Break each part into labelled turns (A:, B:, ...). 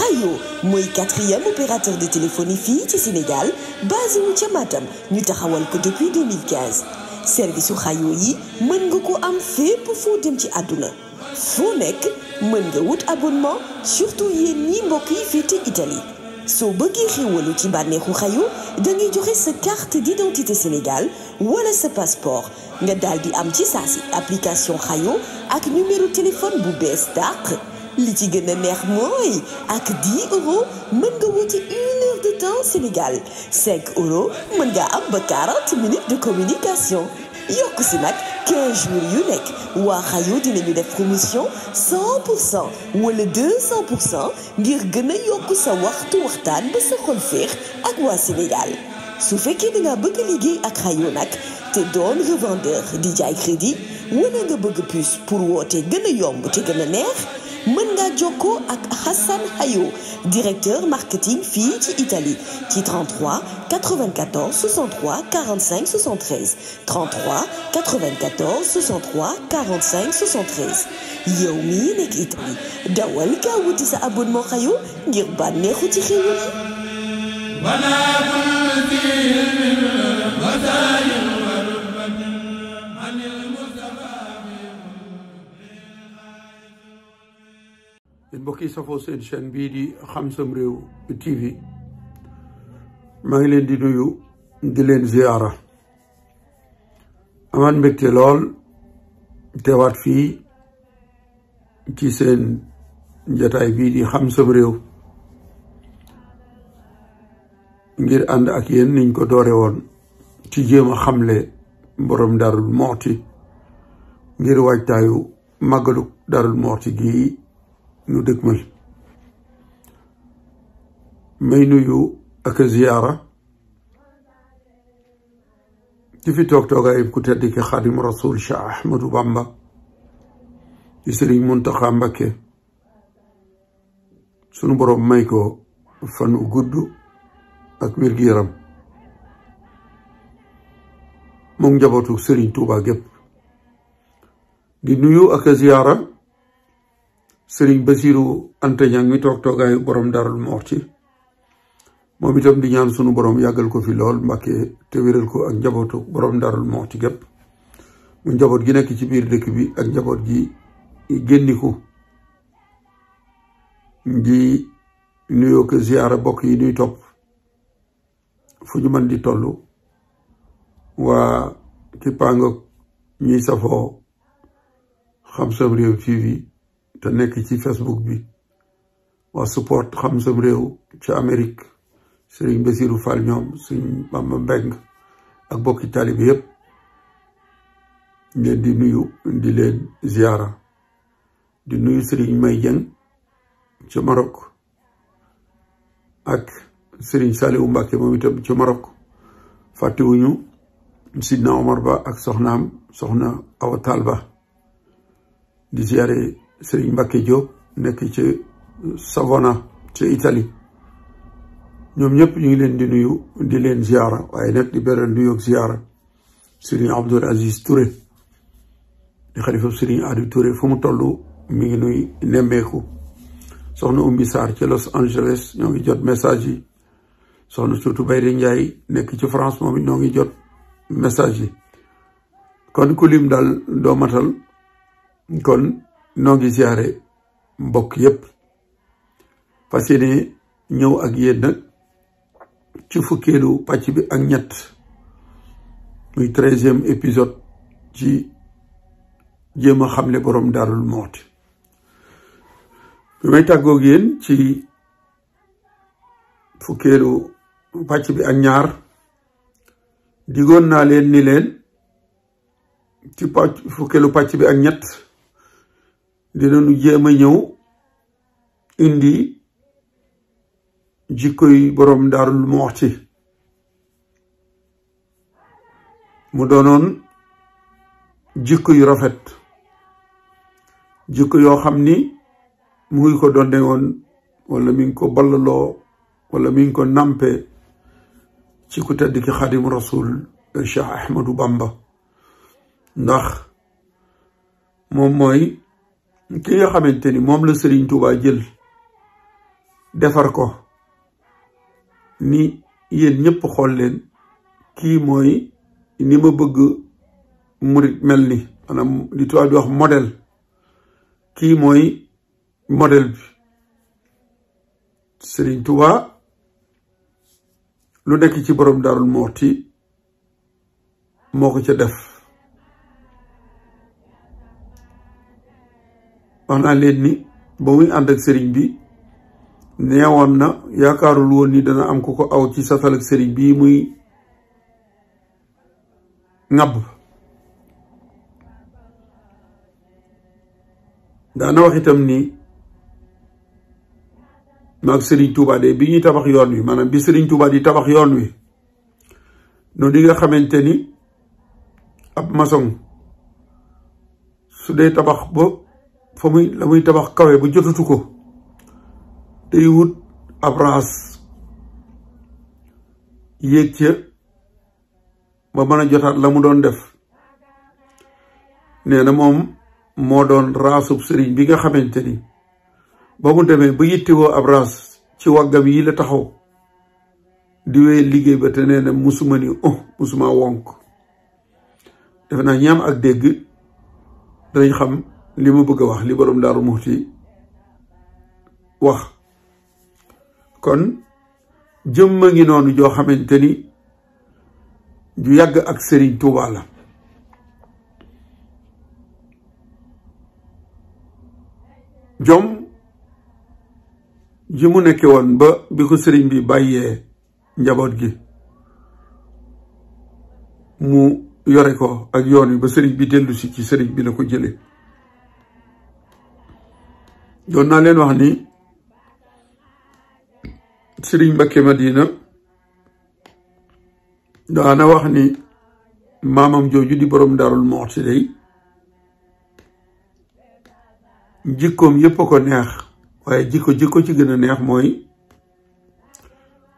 A: Rayo moi quatrième opérateur de téléphonie fixe Sénégal basé au ca nous ñu taxawal depuis 2015 service au Rayo yi mën nga ko am fait Pour dem ci àdduna foo nekk mën nga wut abonnement surtout yéen ni mbokk yi Italie so bëggee xéwalu ci bànneexu Rayo de vous joxe sa carte d'identité Sénégal ou le passeport nga avez am ci application Rayo ak numéro téléphone bu bees li ci gëna neex ak 10 euros mën nga wuti une heure de temps Sénégal 5 euros mën nga am 40 minutes de communication yokk si nag 15 jours yu nekk waa dinañu def promotion 100 ou wala 200 pour ngir gën a yokk sa waxtu waxtaan ba sa xol féex ak waa Sénégal su fekkee da ngaa bëgg liggéey ak Xayo te doon revendeur di jaay crédit wala nga bëgg puce pour woote gën a yomb te gën neex Manga Joko ak Hassan Hayo directeur marketing Fiji Italie 33 94 63 45 73 33 94 63 45 73 Yomi nek Italy, Italie dawal wuti sa abonnement Hayo ngir
B: yéen mbokk yi safoo seen chaîne bii di Xam Sam Réew TV maa ngi leen di nuyu di leen ziara amaan mbégte lool teewaat fii ci seen njataay bii di Xam Sam Réew ngir ànd ak yéen niñ ko doore woon ci jéem a xamle borom Darou Mouhty ngir waajtaayu màggalu Darou Mouhty gii ñu dëgmal may nuyu ak ziyaara ci fi toog toogaayib ku tedd ki xaadimu rasul Cheikh Ahmadou Bamba di sëriñ Muntaxa Mbakke sunu boroom may ko fanu gudd ak wér-gi-yaram moom njabootu sëriñ Tuuba gépp di nuyu ak ziyaara sëriñ Basiru Anta Ñaŋ mi toog toogaayu borom Daarul Muxti moom itam di ñaan sunu borom yàggal ko fi lool Mbàkke te wéral ko ak njabootu borom Daarul Muxti gépp mu njaboot gi nekk ci biir dëkk bi ak njaboot gi génniku di nuyoo ziyaara bokk yi nuy topp fu ñu mën di tollu waa ci pàngook ñuy safoo Xam Sam Réew TV te nekk ci Facebook bi waa support xam sam réew ci Amérique sëriñ Basiru Fall ñoom suñ Bamba Mbeng ak bokki taalibe yëpp leen di nuyu di leen ziara di nuyu sëriñ May Jeng ca Maroc ak sëriñ Saliou Mbàkke moom itam ca Maroc fàttewuñu Sidna Omar Ba ak soxnaam soxna Awa Taal Ba di ziare Serigne Mbacke Diop nekk ci Savona ci Italie ñoom ñëpp ñu ngi leen di nuyu di leen ziara waaye nag di beral nuyu ak ziara Serigne Abdoul Aziz Touré di xalifa Serigne Adi Touré fu mu toll mu ngi nuy nemmeeku soxna Umbi Sarr ci Los Angeles ñoo ngi jot message yi soxna Tuutu Bayri Ndiaye nekk ci France moom ñoo ngi jot message yi kon ku daal doo matal kon noo ngi siyaare mbokk yépp fas yéene ñëw ak yéen ci fukkeelu pàcc bi ak ñett muy treizième épisode ci jéem a xamle boroom daarul mooti bi may tàggoog yéen ci fukkeelu pàcc bi ak ñaar digoon naa leen ni leen ci pàcc fukkeelu pàcc bi ak ñett dinañu jema ñëw indi jikkoy borom darul muhti mu donon jikko yu rafet jikko yo xamni mu ngi ko donde won wala mi ngi ko ballalo wala mi ngi ko nampe ci ku tedd ki khadim rasul Cheikh Ahmadou Bamba ndax mom moy ki nga xamante ni moom la Serigne Touba jël defar ko ni yéen ñëpp xool leen kii mooy ni ma bëgg murit mel ni maanaam li tubaab di wax modèle kii mooy modèle bi Serigne Touba lu nekk ci borom Darou Mouhty moo ko ca def wax naa leen ni ba muy ànd ak sëriñ bi neewoon na yaakaarul woon ni dana am ku ko aw ci satal ak sëriñ bii muy ŋàbb daana wax itam ni maag sëriñ Touba de bi ñuy tabax yoon wi maanaam bi sëriñ Touba yi tabax yoon wi noonu di nga xamante ni ab masoŋ su dee tabax ba fa muy la muy tabax kawe bu jotatu ko day wut ab raas yéeg ca ba mën a jotaat la mu doon def nee na moom moo doon raasub sëriñ bi nga xamante ni ba mu demee ba yittewoo ab raas ci waggam yi la taxaw di wee liggéey ba te nee musuma ni oh musuma wonk defe naa ñaam ak dégg danañ xam li mu bëgg a wax li borom daaru muxti wax kon jëmma ngi noonu joo xamante ni ju yàgg ak sëriñ Touba la jom ji mu nekke woon ba bi ko sëriñ bi bàyyee njaboot gi mu yore ko ak yoon wi ba sëriñ bi dellu si ci sëriñ bi la ko jële doon naa leen wax ni Sëriñ Mbakke Madina daana wax ni maamam jooju di borom Daarul Muxti day jikkoom yépp a ko neex waaye jikko jikko ci gën a neex mooy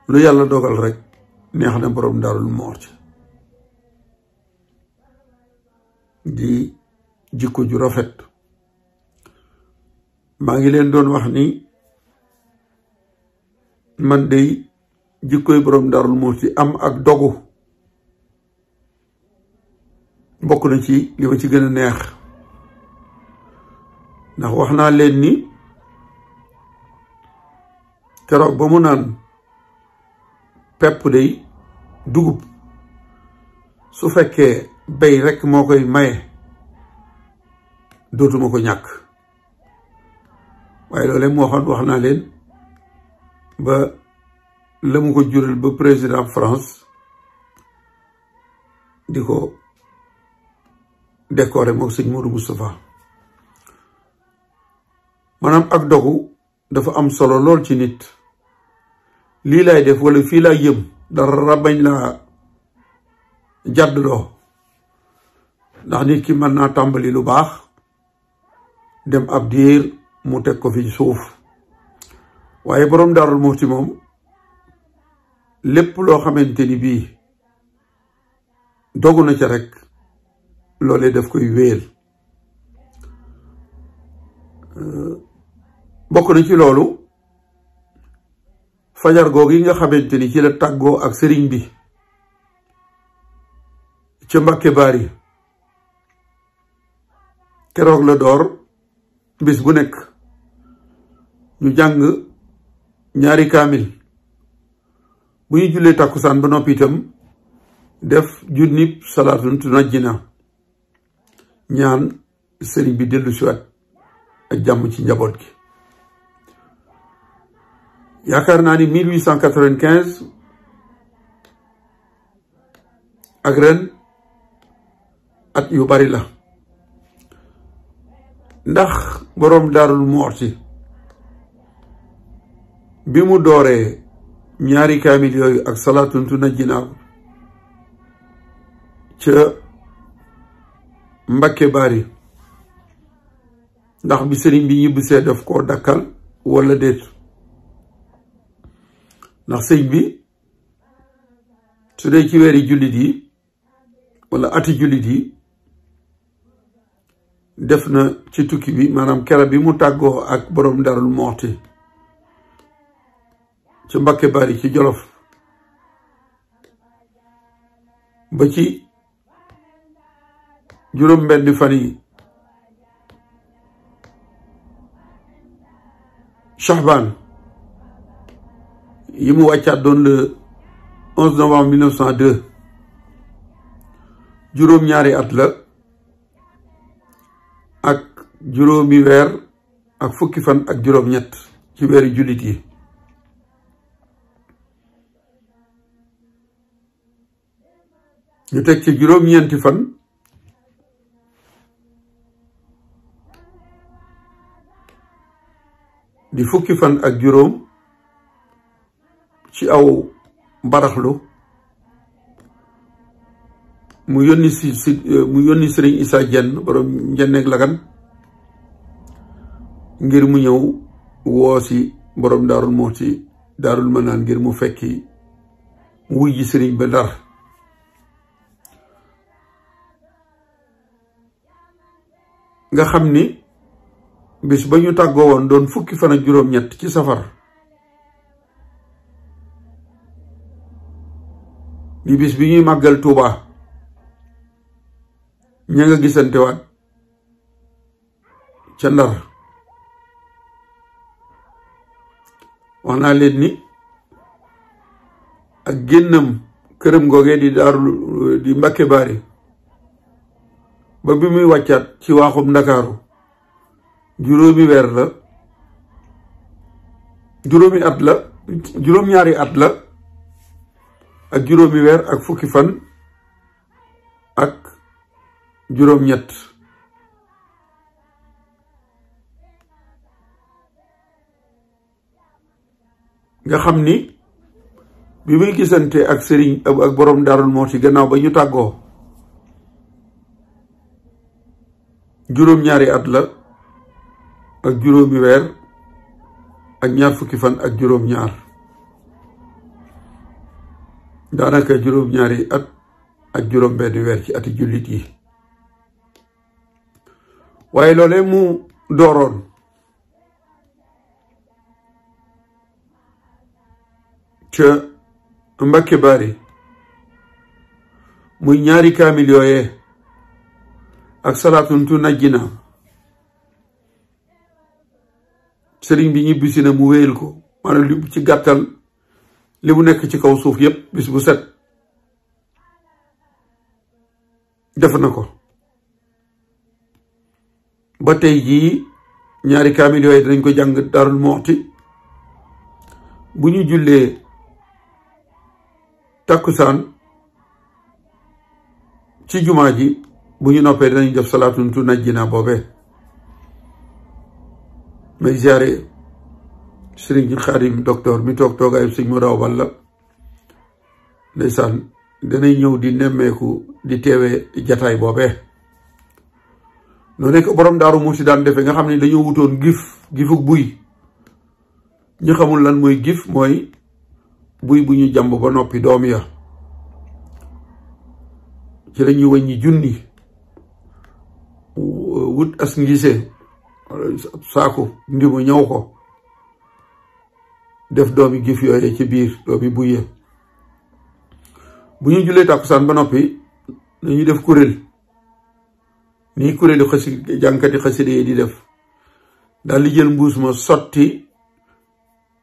B: lu yàlla dogal rek neex na boroom Daarul Muxti di jikko ju rafet maa ngi leen doon wax ni man dey jikkoy borom moo ci am ak dogu bokk na ci li ci gën a neex ndax wax naa leen ni keroog ba mu naan pepp day dugub su fekkee bay rekk moo koy maye dootuma ko ñàkk waaye loolu moo waxoon wax naa leen ba la mu ko jural ba président France di ko décoré moom sëñ Modou Moustapha maanaam ak dogu dafa am solo lool ci nit lii laay def wala fii laa yëm dara bañ laa jàddloo ndax nit ki mën naa tàmbali lu baax dem ab diir mu teg ko fi suuf waaye boroom daarul ci moom lépp loo xamante ni bii dogu na ca rek loolee def koy wéel bokk na ci loolu fajar googu yi nga xamante ni ci la tàggoo ak sëriñ bi ca Mbàkke yi keroog la door bis bu nekk ñu jàng ñaari kaamil bu ñu jullee takkusaan ba noppi itam def junnib salaatun tunajjina ñaan sëriñ bi dellu siwaat ak jàmm ci njaboot gi yaakaar naa ni 1895 ak ren at yu bari la ndax borom daarul bi mu dooree ñaari kaamil yooyu ak salaatun tunajjinaa ca Mbakke Bari ndax bi sëriñ bi ñibbisee daf koo dakkal walla déet ndax sëñ bi su dee ci weeri jullit yi walla ati jullit yi def na ci tukki bi maanaam kera bi mu tàggoo ak boroom darul moxti ci Mbàkke Bari ci Jolof ba ci juróom benn fan yi Shahban yi mu wàccaat doon le 11 novembre 1902 juróom-ñaari at la ak juróomi weer ak fukki fan ak juróom-ñett ci weeri jullit yi ñu tek ci juróom ñeenti fan di fukki fan ak juróom ci aw mbaraxlu mu yónni si si mu yónni sëriñ isa jenn borom njenneeg lagan ngir mu ñëw woo si borom daarul ci daarul mënaan ngir mu fekki wuy ji sëriñ ba dar nga xamni ni bis bañu taggo won doon fukki fana ñet ci safar di bis bi ñuy màggal touba ña nga gisantewaat ca ndar wax leen ni ak gennam kërëm goge di daru di mbakke bari ba bi muy wàccaat ci waaxum ndakaaru juróomi weer la juróomi at la juróom-ñaari at la ak juróomi weer ak fukki fan ak juróom-ñett nga xam ni bi muy gisante ak sëriñ ak boroom daarul moo ci gannaaw ba ñu tàggoo juróom ñaari at la ak juróomi weer ak ñaar fukki fan ak juróom ñaar daanaka juróom ñaari at ak juróom benn weer ci ati jullit yi waaye loolee mu dooroon ca Mbàkke Baari muy ñaari kaamil ak salaatun na sëriñ bi ñibbisi na mu wéyal ko maanaam li ci gàttal li mu nekk ci kaw suuf yépp bis bu set def na ko ba tey jii ñaari kaamil yooyu ko jàng Daarul Muxti bu ñu jullee takkusaan ci jumaa ji bu ñu noppee dinañ def salaatun tu najjina boobee may ziare sëriñ Xaadim docteur mi toog toogaayu si mu raw balla ndeysaan danay ñëw di nemmeeku di teewee jataay boobee noonu ko borom daaru mu si daan defee nga xam ne dañoo wutoon gif gifuk buy ñu xamul lan mooy gif mooy buy bu ñu jàmb ba noppi doom ya ci lañuy wàññi junni wut as ngise saako ndimu ñaw ko def doomi gif yooye ci biir doomi buyye ya. bu ñu julee tàkkusaan ba nopi dañuy def kurel, ni kurel xasi jankati xaside di def dal li jël mbuss ma soti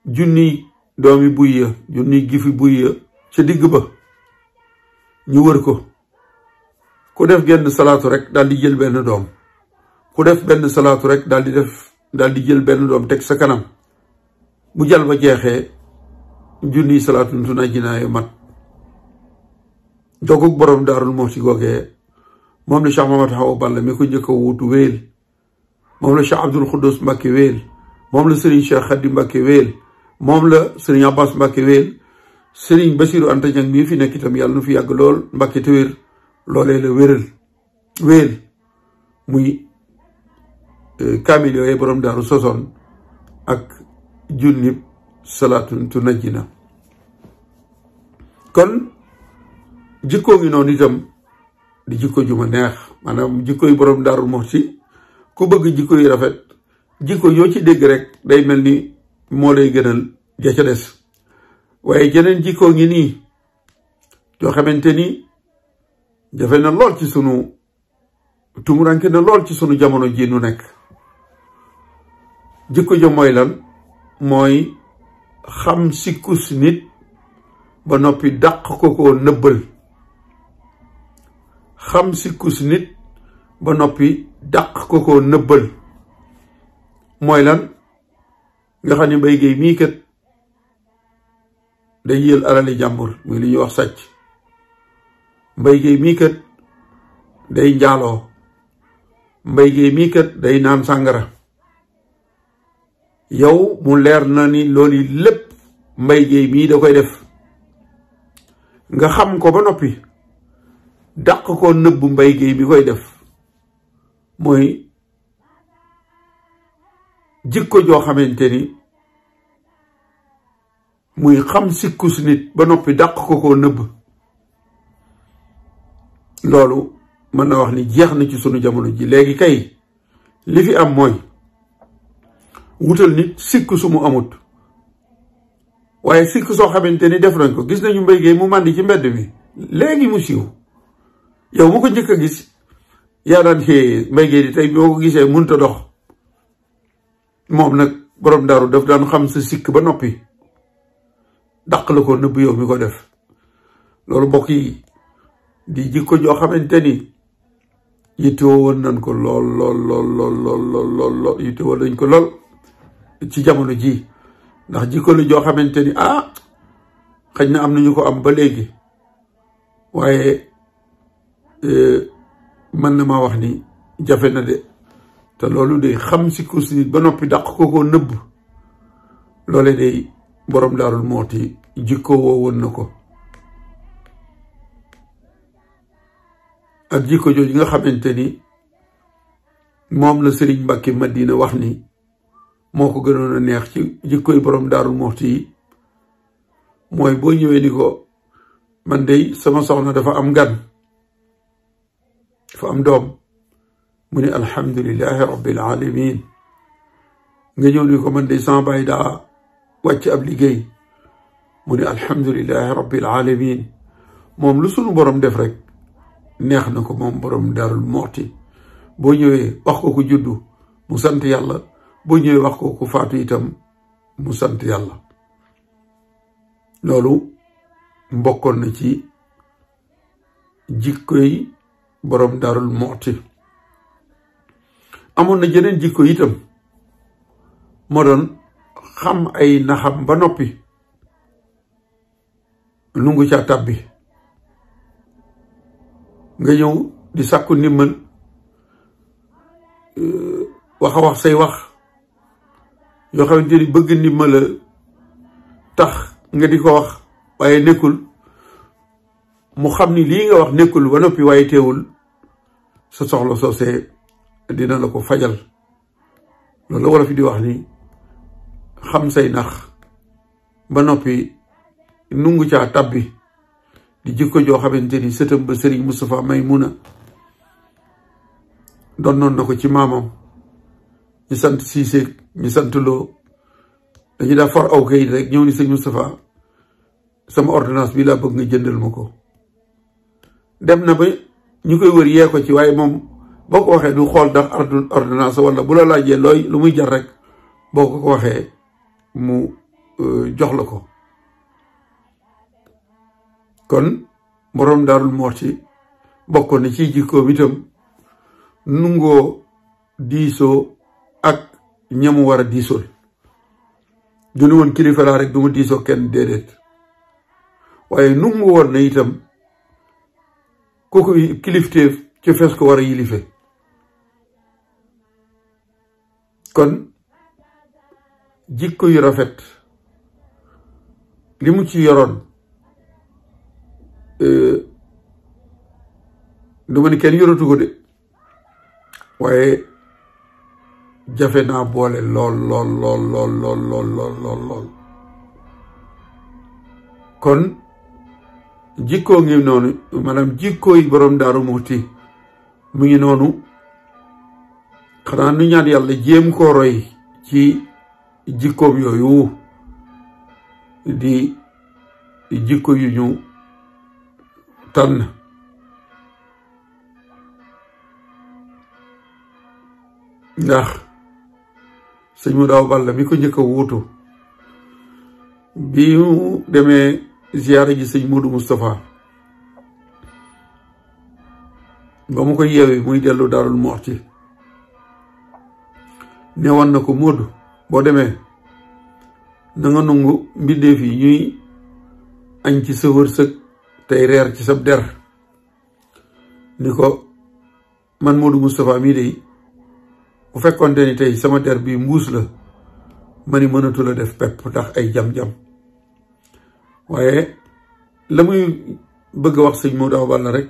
B: junni doomi buyya junni gifi buyya ci digg ba ñu wër ko ku def genn salatu rek dal di jël benn doom ku def benn salaatu rek daal di def daal di jël benn doom teg sa kanam bu jal ba jeexee junniy salaatu tu na jinaayu mat dogug boroom daarul moxti googee moom la Cheikh Mamat Awa Balla mi ko njëkk a wéel moom la Cheikh Abdul Xuddus Mbàkke wéel moom la Sëriñ Cheikh Xaddi Mbàkke wéel moom la Sëriñ Abbas Mbàkke wéel Sëriñ Basiru Anta Ñaŋ mii fi nekk itam yàlla nu fi yàgg lool Mbàkke te wér loolee wéral wéel muy kaamil yooyu borom daaru sosoon ak junnib salaatun tu najjina kon jikkoo ngi noonu itam di jikko ju ma neex maanaam jikko yi borom daaru moxti ku bëgg jikko yi rafet jikko yoo ci dégg rek day mel ni moo lay gënal ja des waaye jeneen jikkoo ngi nii yoo xamante ni jafe na lool ci sunu tumuranke na lool ci sunu jamono ji nu nekk jikko jo moy lan mooy xam sikkus nit ba noppi dàq ko koo nëbbal xam sikkus nit ba noppi dàq ko ko nëbbal mooy lan nga xam ne Mbaye Guèye mii kat day yël alali jàmbur muy li ñuy wax sàcc Mbaye Guèye mii kat day njaaloo Mbaye Guèye mii kat day naan sàngara yow mu leer na ni loolu lépp mbay géey mii da koy def nga xam ko ba noppi dàq ko nëbb mbay géey bi koy def mooy jikko joo xamante ni muy xam sikkus nit ba noppi dàq ko koo nëbb loolu mën na wax ni jeex na ci sunu jamono ji léegi kay li fi am mooy wutal nit sikk su amut waaye sikk soo xamante ni def nañ ko gis nañu mbéy mu mandi ci mbedd bi léegi mu siiw yow mu ko njëkk a gis yaa daan xëyee mbéy di tey boo ko gisee munta dox moom nag borom daru daf daan xam sa sikk ba noppi dàq la ko nëbb yow mi ko def loolu mbokk yi di jikko joo xamante ni yittewoo ko lool lool lool lool lool lool lool yittewoo nañ ko lool ci jamono jii ndax jikko la joo xamante ni ah xëy na am nañu ko am ba léegi waaye e, mën na ma wax ni jafe na de te loolu day xam si ku nit ba noppi dàq ko koo nëbb loole day boroom daarul mooti jikko woo woon na ko ak jikko jooju nga xamante ni moom la Sëriñ ma Madina wax ni moo ko gënoon a neex ci jikkoy borom daarul moxti yi mooy boo ñëwee ni ko man dey sama soxna dafa am gan dafa am doom mu ne alhamdulilahi rabbil alamin nga ñëw ni ko man dey sama baay daa wàcc ab liggéey mu ne alhamdulilahi rabbil alamin moom lu sunu borom def rek neex na ko moom borom daarul moxti boo ñëwee wax ko ko juddu mu sant yàlla bu ñëwee wax ko faatu itam mu sant yàlla loolu mbokkoon na ci jikko boroom daarul moxti amoon na jeneen jikko itam moo doon xam ay naxam ba noppi lu ngu caa tàbbi nga ñëw di sàkku ndimbal euh, wax say wax yoo xamante ni bëgg ndimbal tax nga di ko wax waaye nekkul mu xam ni lii nga wax nekkul ba noppi waaye teewul sa soxla soosee dina la ko fajal loolu la wolof di wax ni xam say nax ba noppi nungu caa tabbi di ko joo xamante ni sëtam ba Serigne mun Maymuna doon noon na ko ci maamam ñu sant Cissé ñu sant Lo dañu daa for aw kayit rek ñëw ni sëñ Moustapha sama ordinance bi laa bëgg nga jëndal ma ko dem na ba ñu koy wër yee ko ci waaye moom boo ko waxee du xool ndax ordonnance wala bu la laajee looy lu muy jar rek boo ko ko waxee mu euh, jox la ko kon boroom daarul ci bokkoon na ci jikkoom itam nungoo diisoo ñamu war a diisool du ne woon kilifa laa du ma diisoo kenn déedéet waaye nu mu woon na itam kooku kilifteef ci fees ko war a yilife kon jikko yu rafet li mu ci yoroon euh, du ma ni kenn yoratu ko de waaye jafe na boole lool lool lool lool lool lool kon jikkoo ngi noonu maanaam jikkooy boroom daaru muxti mu ngi noonu xanaa nu ñaan yàlla jéem koo roy ci jikkoom yooyu di jikko yu ñu tànn ndax sëñ mu daw balla mi ko njëkk a wuutu bi mu demee ziyaara ji sëñ muudu Moustapha ba mu ko yeewi muy dellu Daarul Muxti ne woon na ko muudu boo demee na nga nungu mbindeef yi ñuy añ ci sa wërsëg tey reer ci sab der ni ko man Modou Moustapha mii de bu fekkoonte ni tey sama der bi mbuus la ma ni mënatu def pepp ndax ay jam-jam waaye la muy bëgg wax sëñ mu Awa Balla rek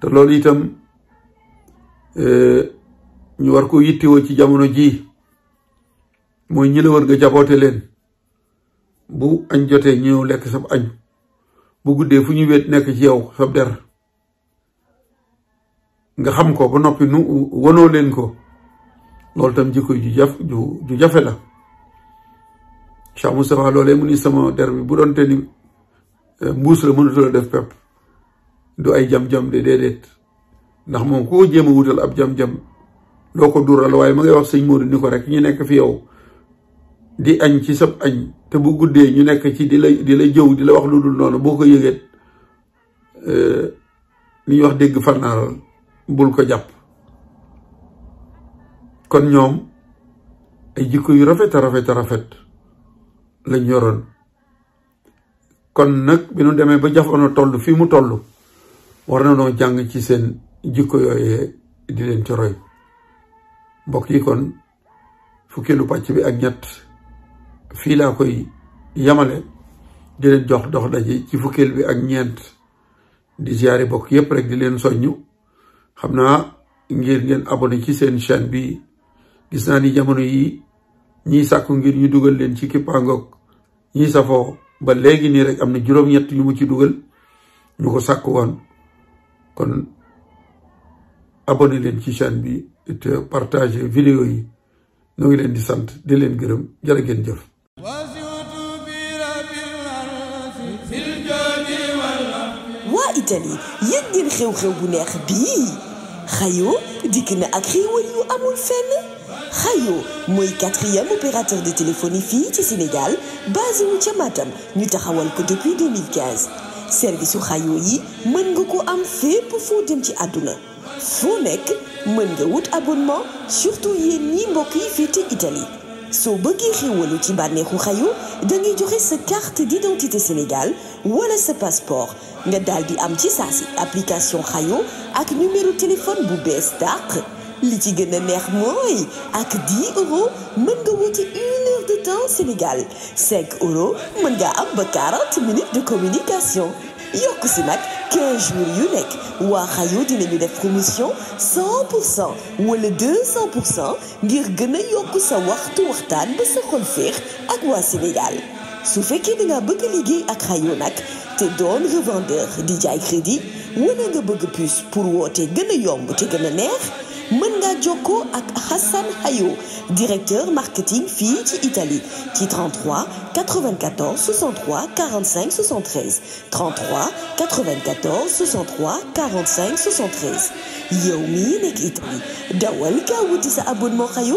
B: te loolu itam eh, ñu war ko yittiwoo ci jamono jii mooy ñi la war nga jaboote leen bu añ jotee ñëw lekk sab añ bu guddee fu ñu wéet nekk ci yow sab der nga xam ko ba noppi nu wonoo leen ko loolu tam jikko ju jaf ju ju jafe la Cheikh Moustapha loolee mu ni sama der bi bu doon te ni eh, mbuus la mënatula def pepp du ay jam-jam de déedéet ndax moom koo jéem a wutal ab jam-jam loo ko dural waaye ma ngay wax sëñ Modou ni ko rek ñu nekk fi yow di añ ci sab añ te bu guddee ñu nekk ci di la di la jëw di la wax lu dul noonu boo ko yëgeet eh, li ñuy wax dégg farnaaral bul ko jàpp kon ñoom ay jikko yu rafet a rafet a rafet lañ yoroon kon nag bi nu demee ba jafono toll fii mu toll war na noo jàng ci seen jikko yooyee di leen ci roy mbokk yi kon fukkeelu pàcc bi ak ñett fii laa koy yamale di leen jox dox daje ci fukkeel bi ak ñeent di ziyaare bokk yépp rek di leen soññu xam naa ngir ngeen abonné ci seen chaine bi gis naa ni jamono yi ñi sàkku ngir ñu dugal leen ci kippaangoog ñiy safoo ba léegi nii rek am na juróom-ñett yu mu ci dugal ñu ko sàkku woon kon abonné leen ci chaîne bi te yi ñoo ngi leen di sant di leen gërëm jërë ngeen jëf
A: waa Italie yëg ngeen xew-xew bu neex bii xayoo dikk na ak xéewal yu amul fenn Rayo moi quatrième opérateur de téléphonie fixe au Sénégal basé Mutiamatam, nous Matam depuis 2015 service Rayo yi fait nga ko am fépp Pour dem ci àdduna foo nekk surtout nga wut abonnement surtout yéen ni mbokk yi Italie soo bëggee xéwalu ci vous Rayo da sa carte d'identité Sénégal ou sa passeport nga avez di application Rayo avec numéro de téléphone bu bees li ci gëna neex mooy ak 10 euros mën nga wuti une heure de temps Sénégal 5 euros mën nga am 40 minutes de communication yokk si nag 15 jours yu nekk waa Xayo dinañu def promotion 100 ou le wala 200 ngir gën a yokk sa waxtu waxtaan ba sa xol féex ak waa Sénégal su fekkee da nga bëgg liggéey ak Xayo nag te doon revendeur di jaay crédit wala nga bëgg puce pour woote gën a yomb te gën neex mën Joko Hassan Hayo directeur marketing Fiji Italie T. 33 94 63 45 73 33 94 63 45 73 Yomi Nek dawal ka sa abonnement Hayo